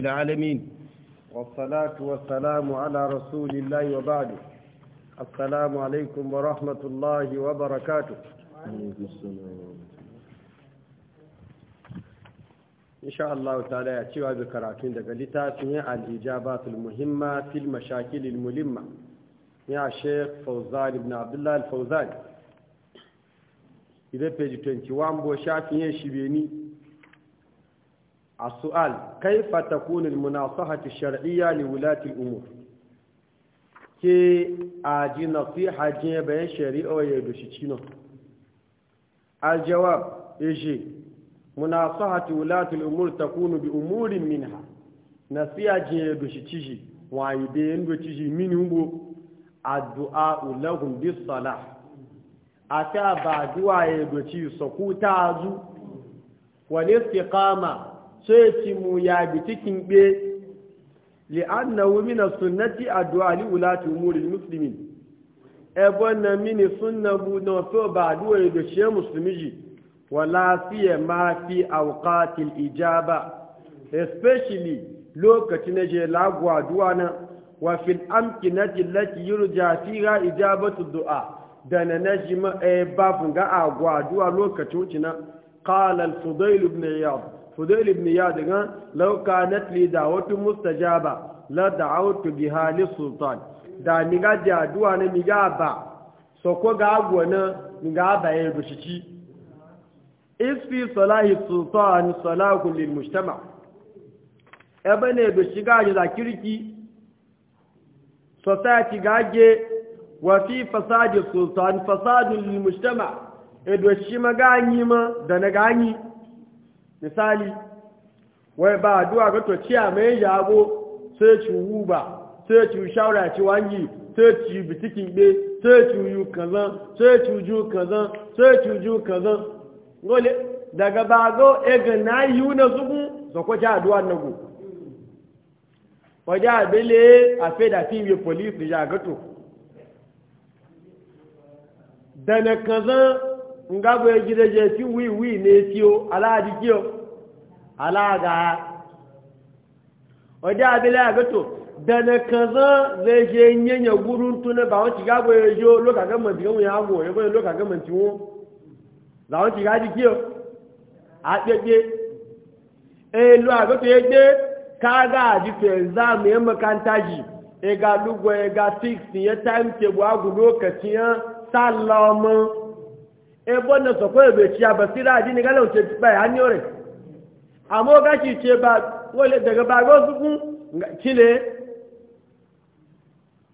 العالمين والصلاة والسلام على رسول الله وبعد السلام عليكم ورحمة الله وبركاته إن شاء الله تعالى يأتيوا بكراتين دقلتاتنا الإجابات المهمة في المشاكل الملمة يا شيخ فوزان بن عبد الله الفوزان إذا بيجي 21 بوشافين يشبيني السؤال كيف تكون المناصحة الشرعية لولاة الأمور كي أجي نصيحة جيبين شريعة يدوشيشينا الجواب يجي مناصحة ولاة الأمور تكون بأمور منها نصيحة جيبوشيشي وعيدين بوشيشي منهم الدعاء لهم بالصلاة أتابع دعاء يدوشي سكوتازو والاستقامة ya ci mu ya bi cikin be li'annahu min sunnati a duwali wulati umuri muslimin ebe na mini sunna bu no so ba duwe da she muslimi wala fiye ma fi awqati ijaba especially lokacin na je lagwa duwa na wa fil amkinati allati yurja fiha ijabatu du'a da na najima e babu ga agwa duwa lokacin wucina qala al-fudail ibn fudail ibn ya daga law kanat li da'watu mustajaba la da'awtu biha li da mi ga jaduwa ne mi ga ba so ko ga agwona mi ga ba ya rushici is fi salahi sultan salahu lil mujtama ebe ne do shiga ji da kirki society gaje wa fi fasadi sultan ma da na ganyi misali wai ba duwa ga to ciya mai yago sai ci ba sai ci shawara ci wangi sai ci bitikin be sai ci yu kazan sai ci ju kazan sai ci ju kazan gole daga go e ga na yu na zugu so ko ja duwa na go ja bele a fe da fi bi police ja ga to dana kazan nga bai gida je ti wiwi ne tiyo aladi kiyo alaga wadda abila ga to da na kaza zai enye nyanya gurun tuna ba wani ga bai yo loka ga man tiyo ya go ya bai loka ga man tiyo za ga ji kiyo a pepe e lo aga to ka ga ji to exam ya makanta ji e ga lugwa e ga fix e ya time table ya sallamu ebon da sako ya beci ya basira adini ga lauce bai hanyar rai amma ga shi ce ba wale daga bago su kun kile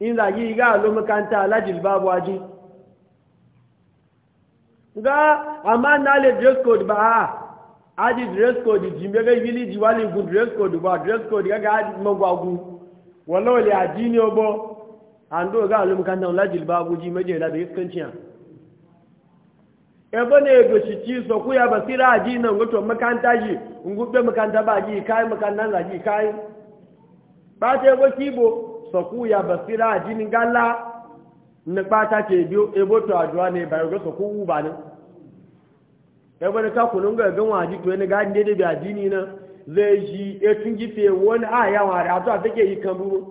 in zagi ga alo makanta alajil babu waji ga amma na le dress code ba a ah, aji dress code jimbe ga yili jiwali gun dress code ba dress code ga ga magwagu wallahi adini obo ando ga alo makanta alajil babu ji meje da iskanciya ebe na-egochichi sokwu ya basira aji na ngoto makanta ji ngwukpe makanta ba ji kai makanta na ji kai kpata ebe kibo sokwu ya basira aji ni gala nnikpata ce biyu ebo to aduwa na bayan ga sokwu wuba ne ebe na kakunan ga gan waji to yana gadi daidai da addini na zai ji etun gife wani a yawa da ato a take yi kan buru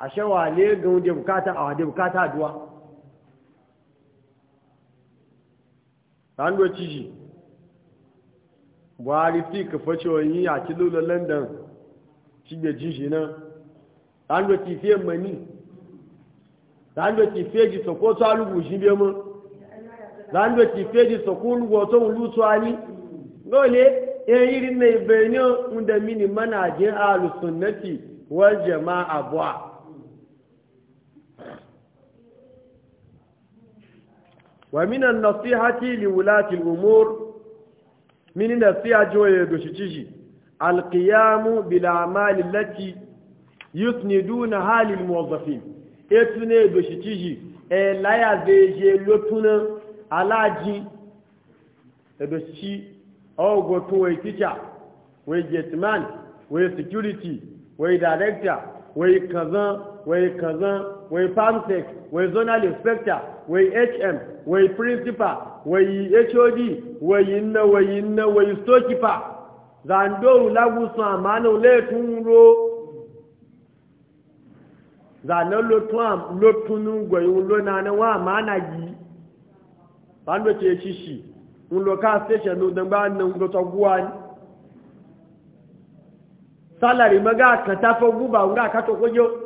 a shawa ne ga wunde bukata a wade bukata aduwa rando ciji buhari fi ka fashe wani a kilolo london cibiyar jiji nan rando ti fiye mani rando ti fiye ji sako su alubu shi biya mu rando ti fiye ji sako olubu otu olutu ani lole yan eh, yiri na ibe ni o n da mini manajin alusunnati wal jama'a buwa wa minan nasihati li wulati al-umur min nasiha joye do shichiji al-qiyam bil a'mal allati yusniduna hal al-muwazzafin etune do shichiji e laya veje lotuna alaji edo shi ogo to we teacher we jetman security Wai director Wai kazan Wai kazan wai farmsec wai zonal inspector wai hm wai principal wai hod wai na, wai na, wai storekeeper zandoru lagusun amana oletun ro zanen lotunin gwayin lona na wa amana yi ba n ce shi shi n local station lo don ba nan goto guwa ni salari maga kan tafi guba nga ko kojo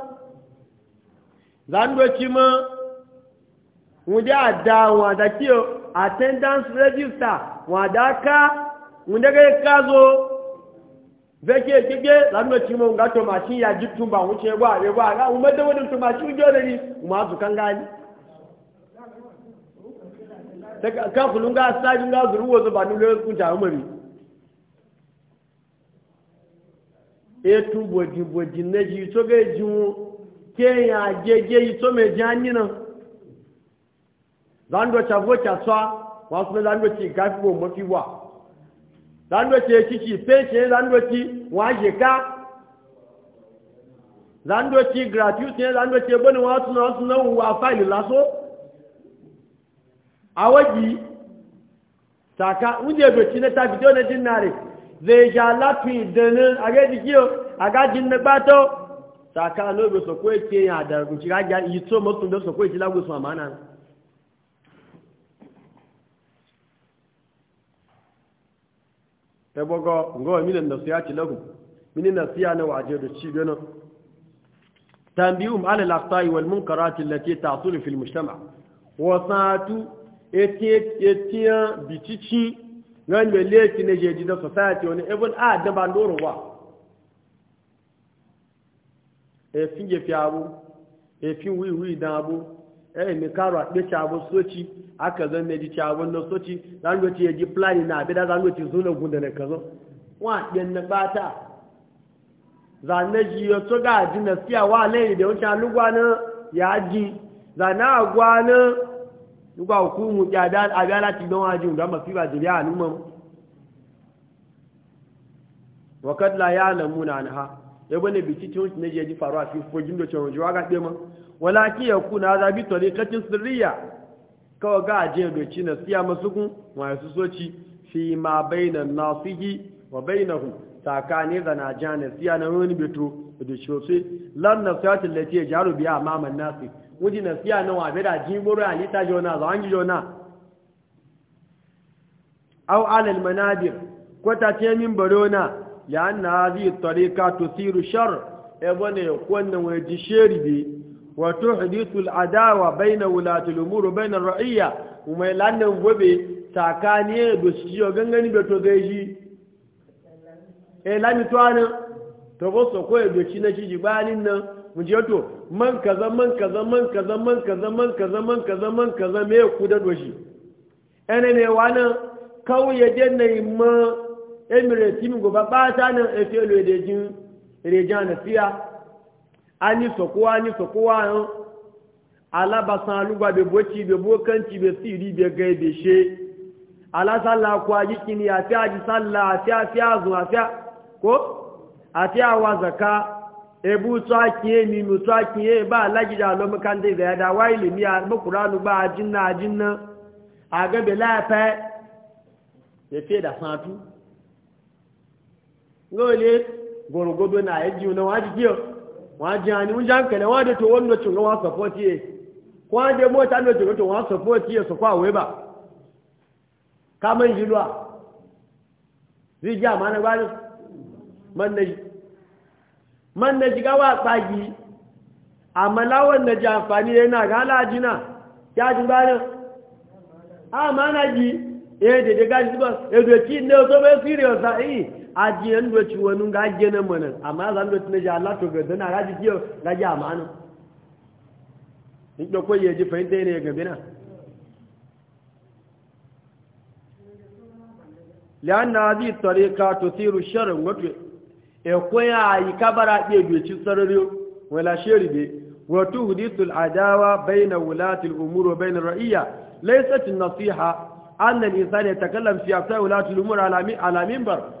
zandoci ma wunde a da wada kiyo attendance register wadaka ka wunde ke ka zo zake kike zandoci ma ngato machi ya jitumba ba wuce ba re ba ga umma wani to mashin jore ni umma zu kan gani daga kan kulun ga sajin ga zuruwa zuba ni lo kun ta umari etu bodi bodi neji to ga jiwo ke ya gege yi to mai ji hanyi na zando ta go ta sa wasu na zando ci gafi go mafi wa zando ce ciki sai ce zando ci waje ka zando ci gratuity ne zando ce bani wasu na wasu na wa file laso a waji saka unje do ci na ta video na dinare zai ja lafi danin a ga dikiyo a ga jin na bato saka lo be so kwe ke ya da ku shiga ga yi to mo tun do so kwe ti lagu so amana ta e bogo ngo mi da nasiya ti lagu mi ni na siya waje da ci gano tambiyum ala laqtai wal munkarat allati ta'sul fi al-mujtama' wa sa'atu etiya bitici le le ti ne jeji da society wani even a da ba ndoro wa efin gefe abu efin wiwi dan abu eh mi karo akpeci abu soci aka zan meji ci abu na soci zangoci ya ji plani na abida zangoci zuna gunda na kazo wa ɗin na bata zanaji ya so ga ji na siya wa lai da wancan lugwa na ya ji na agwa na lugwa hukumu ya da abia lati don waji ga mafi ba jiri a numan wakad la ya lamuna na ha ya wani biki ci wuce ne je ji faruwa fi ko da cewa jiwa ga ɗema ki ya kuna za bi tori kacin sirriya kawai ga ajiyar doci na siya masu kun su soci fi ma bayanan nasihi wa bainahu tsakani ga na jiya na siya na wani beto da shosi lan na siya tallace ya jaro biya maman nasi wuji na siya na wabe da boro a lita jona za wangi jona au alal manadir kwata ce min barona ya na zai tarika to siru shar ebe ne kwanan waje sheri bi wato hadithul adawa bai na wulatul umuru bai na ra'ayya umai lannan gobe tsakani da shi yau gangani da to zai shi e lami tuwanin to gosa ko ya doci na shi jibanin nan mu to man kaza man kaza man kaza man kaza man kaza man kaza man kaza me ku da doshi ma emirati mu goba bata nan efe lo de jin rejan na fiya ani sokowa ani sokowa yo alabasan alugba be bochi be bokanti be siri be gai be she sala ko aji kini ati aji sala, ati ati azu ati ko ati awa zaka ebu tó akíyé ni mo tó akíyé bá alájídá lọ́mọkándé ìdàyàdá wá ilé ní àmọ́kùnránù bá ajínná ajínná àgẹ́bẹ̀ láàpẹ́ da ìdàsán e tu. ngole gorogodo na yaji na waji kiyo waji ani mun jan kale wade to wonno chunga wa support ye kwa de mo ta no to wa support ye so kwa weba kama yilwa rija mana gwani man naji man naji ga wa tsagi amma lawan naji amfani yana ga jina ya jin bani a ah, mana ji eh de de ga ji ba e do ti ne so be serious ah ajiyan doci wani ga ajiye nan mana amma zan doci na ji Allah to ga dana raji kiyo gaji amana in da koyi ya ji fahimta ne ya gabe na lian na zai ka to siru sharin wato e koya yi kabara ɗaya doci sarari wala shari be wato hudisul adawa bayna wulatul umur wa bayna ra'iya laysat an da nisa ne insan yatakallam fi wulatul umur ala minbar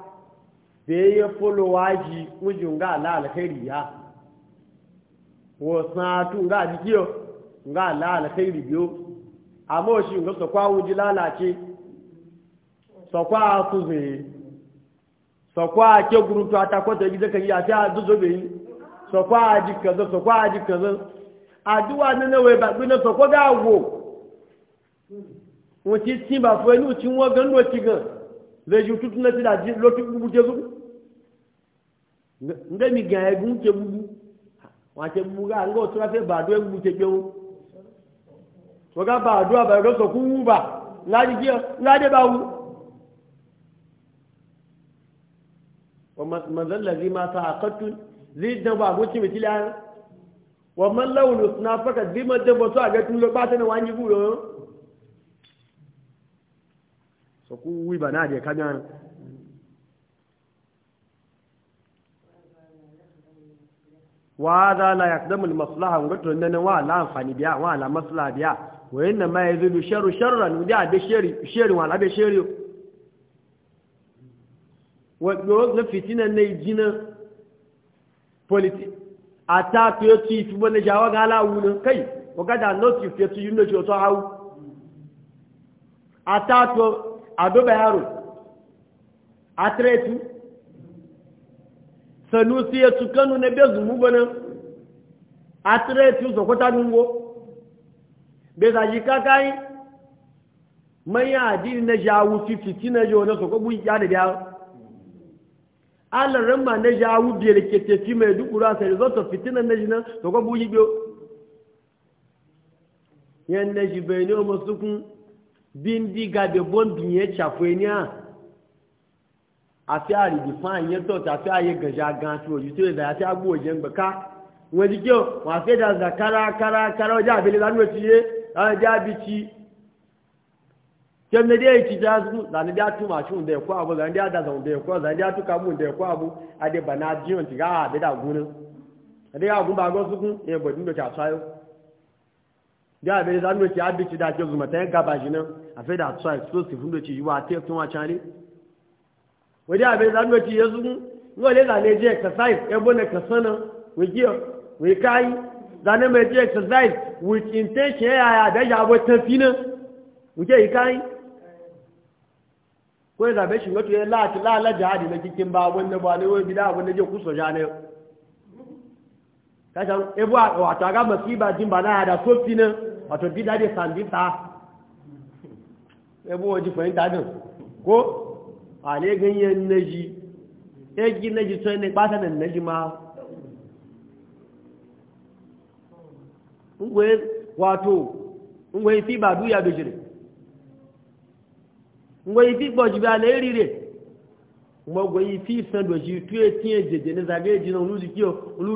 bẹ́ẹ̀ yẹ fọ́lọ́wájì oúnjẹ ń gá aláàlẹ́kẹ́rì yá wọ́n san atú ń gá àdíjí ọ̀ ń gá aláàlẹ́kẹ́rì yó àmọ́ òṣì ń gọ́ sọ̀kọ́ àwùjí lálàáṣe sọ̀kọ́ àtúnṣe sọ̀kọ́ àkẹ́gùrù tó atakọ́tẹ̀ ibi a yìí àti àdúzọ́bẹ̀ yìí sọ̀kọ́ àdìkànzọ́ sọ̀kọ́ àdìkànzọ́ àdúwà nínú ìwé ìbàgbéná sọ̀kọ́ gáà wò wọ́n ti tìǹbà fún gan ti gan zai ji tutu na ti da ji lotu bubu ke zu nde mi gan egun ke bubu wa ke bubu ga ngo tura fe ba do egun ga ba do ba do so ku ba la ji ki la de ba wu wa man zal ladhi ma ta'aqatu zid da ba go ci mi wa man lawlu sna fakat bi ma de bo so aga tun ba tan wa nyi bu so ku wi ba na je kaga wa za la yaqdamu al maslaha ngoto nan wa la amfani biya wa la maslaha biya wa inna ma yazidu sharru sharran da sheri sheri wa la be sheri wa go ga fitina ne jina politi ata to ti fi bo ne jawa ga la kai o da no ti fi ti yuno ti o to hawo ata to ado bayaro atretu sanusi ya tukanu na bezu mu bana atretu zokota nungo beza jikakai manya adini na jawu fifiti na yo na soko bu ya da biya alarin ma na jawu biyar ke tefi mai dukura sai zoto fitinan na jina soko bu yi biyo yan na jibeni o masukun bíndíga de bọ́ǹdì yẹn ṣàfẹ́ ní à àti àrìbì fún àyẹ tọ̀tọ̀ àti àyẹ gànjà gan àti òjì tó ìdá àti àgbò òjì ẹgbẹ̀ ká ti kí wọ́n àfẹ́ dàzà kárakárakára ọjà àbẹ̀lẹ̀ lánàá ti yé láwọn àbí ti kemede ya ci jazu zane da tu mashin da ya kwa abu zane da da zan da ya kwa zane da tu kabu da ya kwa abu ade bana jiyon ti ga da gunin ade ga gun ba go su kun e do ta da abin da zanuwa ke abinci da ake zuma ta yanka ba shi nan a fai da tsuwa exclusive da ci yiwa ta yakin wacan ne wadda abin da zanuwa ke yanzu wale zane je exercise ebo na kasana wikiyo wikayi zane mai je exercise with intention ya ya da yabo ta fi nan yi kayi. ko ya zabe shi wato ya lati lala jihadi na kikin ba wanda ba ne wani bida wanda je kusa ja ne kashan ebu a wata ga masiba jin ba na hada sofi nan wato bida da sandita ebo waje fahimta din ko a ne ganyen naji egi naji tsoye ne ɓata da naji ma ngwe fi ba duya da jire ngwe fi gboji ba na erire ngwe fi san doji tuye tiye jeje ne zagaye jinan olu jikiyo olu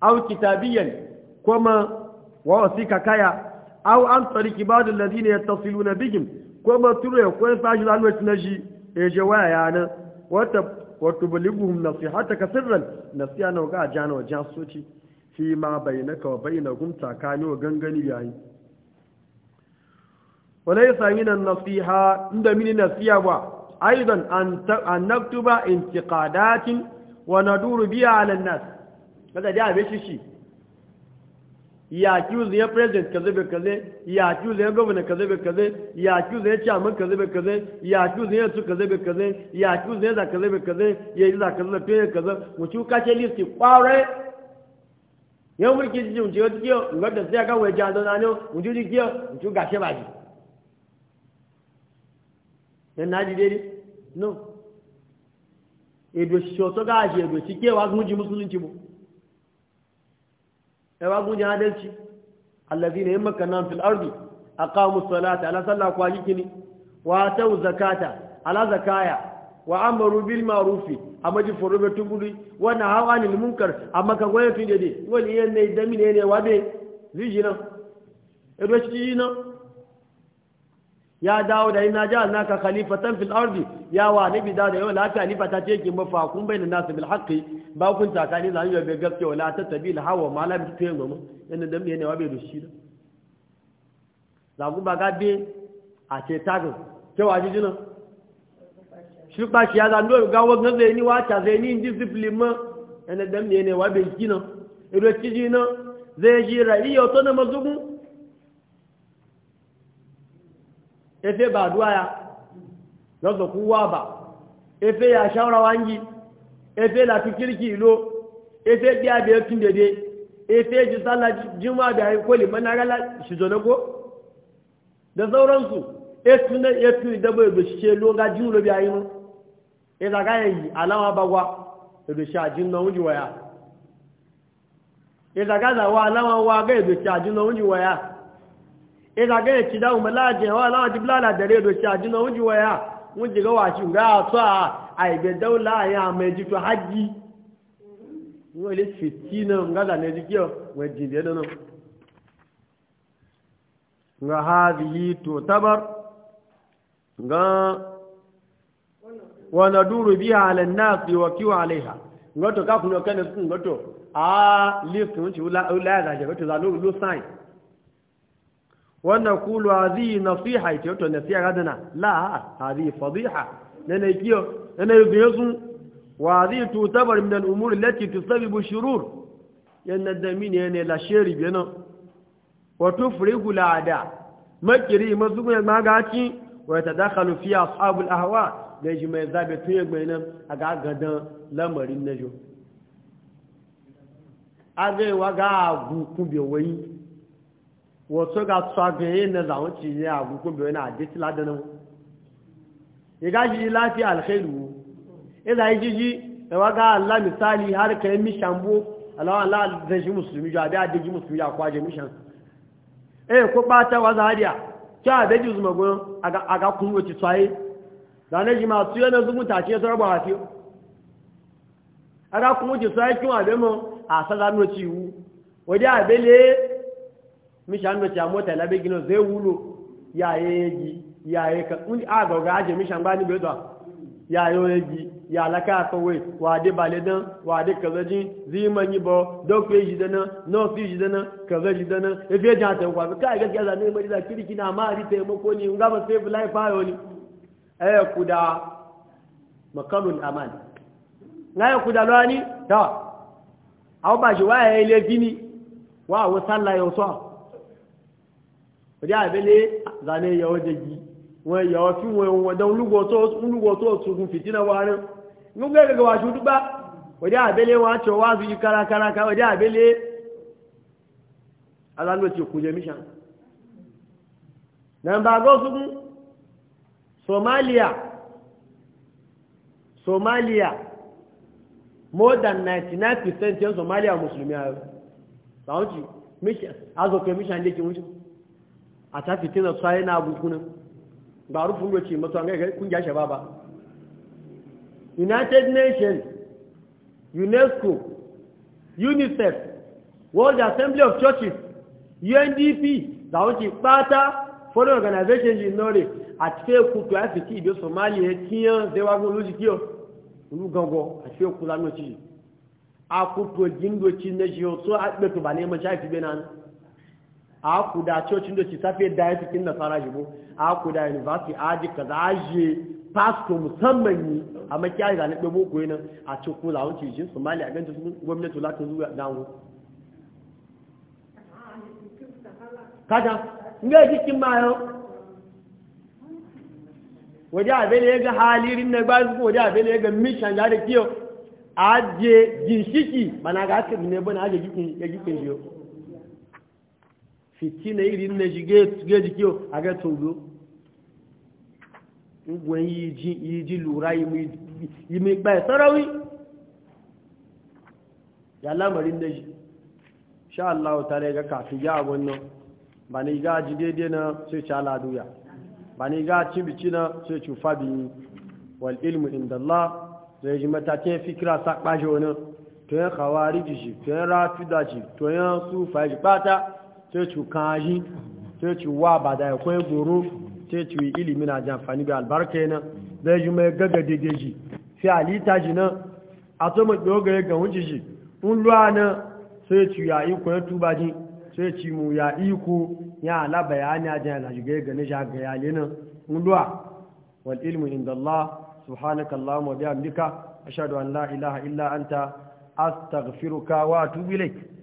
au kitabiyan kuma wa wasika kaya au an tariki ba'dul ladina yattasiluna bihim kuma ture ko sashi lalwati na shi e je waya yana wata wato buliguhum nasihataka sirran nasiya na ga jana wa jasoci fi ma bainaka wa bainahum takani wa gangani yayi wala yasa minan nasiha inda mini nasiya ba aidan an naktuba intiqadatin wa naduru biya ala nas kaga da abe shishi ya accuse ya president kaze be kaze ya accuse ya governor kaze be kaze ya accuse ya chairman kaze be kaze ya accuse ya su kaze be kaze ya accuse ya da kaze be kaze ya yi da kaze to ya kaza mu ci ka ce list kware ya mulki ji mu ji wata kiyo ngar da sai ka wai ja da nanu mu ji kiyo mu ci ga ba ji ya na ji dai no edo shi to ga shi edo shi ke wa mu ji musulunci mu yawa gunjin adalci allazi ne yamma makanan fil ardi aqamu salata ala salla ku ne wa tau zakata ala zakaya wa amaru bil ma'rufi amma ji furu betun wa na hawa anil munkar amma ka goye tun dede wani yan ne dami ne ne wabe zijina edo ya dawo da ina ja naka khalifatan fil ardi ya wa nabi da yau la khalifa ta ce ki mafa kun bayin nas bil haqqi ba kun ta kani zan be gaske wala ta tabil hawa malam ta yi mamu yana dan ne wa bai dushi da za ku ba gabe a ce tagun ke wa jijina shi ba shi ya zan do ga wa gaze ni wa ta zai ni discipline ma yana dan ne wa bai kina ido kijina zai ji ra'iyo to na mazugun efe ba addu'a ya lọ́sọ̀ kú wà efe ya ṣáwọ́ra wá ń efe láti kíríkì ìlò efe bí abẹ́ tún dédé efe jù sálà jímọ̀ abẹ́ àríkólè mọ́nàrálà ṣìjọ́nàkó da sauransu etu ìdẹ́bọ̀ èdò ṣe ló ga jíun lóbi ayé mú ìdàgáyẹ̀ yìí aláwọ̀ abagwa èdò ṣe àjínà oúnjẹ wọ̀ya alama wà ga wa gẹ́ na waya. ìzàgẹ́ ìtìdá òmìnláàjẹ̀ wọ́n aláwọ̀ ti bláàlà dẹ̀rẹ́ ìdòṣì àjínà oúnjẹ wọ́ya wọ́n jẹ́ wà sí ìgbà àtọ́ àìgbẹ̀dẹ́wò láàrin àmọ̀ ìjìtò hajj wọ́n lè fìtí náà ngádà ní ẹjú kí ọ wọ́n jìnlẹ̀ náà nga ha bi yi to tabar nga wana duru bi ala nas wa kiwa alaiha ngoto ka kuno kana sun ngoto a lifun ci ula ula da je to za lo lo sign ونقول هذه نصيحة يتوتو نصيحة غدنا لا هذه فضيحة لأن يكيو أنا يزيزو وهذه تعتبر من الأمور التي تسبب الشرور لأن الدمين يعني لا شرب ينا وتفرق العداء ما مزوجنا ما زوجنا ما قاتي ويتدخل في أصحاب الأهواء ليجي ما يذاب يتويق بينهم أقعد غدا لمر النجو أغير وقع كوبي وين wato ga tsagaye na zaunci ya gukun bai wani aditi ladanin ya gashi lafi alkhairu ila e yi jiji da e waga Allah misali har kai mishan bo alawan Allah zai shi musulmi ya da adiji musulmi ya kwaje mishan eh ko bata wa zariya ta da ji tsaye ma na tsaye a sazano ciwu wadi mishan chamo ta mota labe gino zai wulo yeji ya yaye ka un a go ga je mishan ba ni be ya yo yeji ya laka we wa de bale dan wa de zi ma ni bo dokwe yi na no fi yi dana kazaji dana e fi ja ta wa ka ga ga ne mai da kiri kina ma ri te ko ni nga ba save life ayo ni eh kuda makarul aman ngaye kuda ani ta au ba ji wa ile gini wa wa sallah yo so òjá àbẹ́lé zane yọ jẹgi wọn yọ fí wọn wọn dán olúgbọ tó tún fìtínà wa rẹ gbogbo ẹgbẹgbẹ wa ṣùdú bá òjá àbẹ́lé wọn àtọ wá sí kárakáraká òjá àbẹ́lé alánú ti kú jẹ míṣà nàmbà gọ́sùkún Somalia Somalia more than 99% yan Somalia musulmi a yau sa'unci azọ̀kẹ́ míṣà ń dé kí wọ́n ṣe a ta fitina tsaye na bukunan ba rufin roce masu an gaggai kun gyashe ba united nations unesco unicef world assembly of churches undp da wuce fata foreign organization jinore a cikin kutu ya fi ibe somalia kiyan zewagun lujikiyo olugango a cikin kula noci a kutu jindoci na jiyo so a ɓeto ba neman shafi benin a kuda cocin da ci safe da ya cikin nasara jibo a kuda university aji kaza aje pasto musamman yi a makiyar da na ɗabo koyi nan a ci kula wuce jin somali a ganta sun gwamnati latin zuwa damu kada nga jikin mayan waje bele ya ga halirin na ba su waje bele ya ga mishan da da kiyo je ginshiki mana ga aka ne na aje jikin jikin jiyo fitina irin na shi ge jiki a ga togo ngwen yi ji lura yi mai gba e sarawi ya lamarin na shi sha Allah ta rai kafin ya wannan ba ni ga ji daidai na sai ci aladuya ba ni ga ci bici na sai ci fabi wal ilmu inda Allah zai ji matakin fikira sa kpashe wani to yin kawari ji shi to yin rafi da shi to yin sufa ji bata ceci kaji ceci wa ba da akwai goro ceci ilimi na jamfani ga albarka na da yi gaga daidai fi alita ji na a to dogaye ga wuce ji un lua na ceci ya iko ya tuba ji ceci mu ya iko ya ala bayani a jan alajigai ga na shaga ya lena un luwa wal ilmu inda Allah subhanaka Allah bihamdika ashhadu an la ilaha illa anta astaghfiruka wa atubu ilayk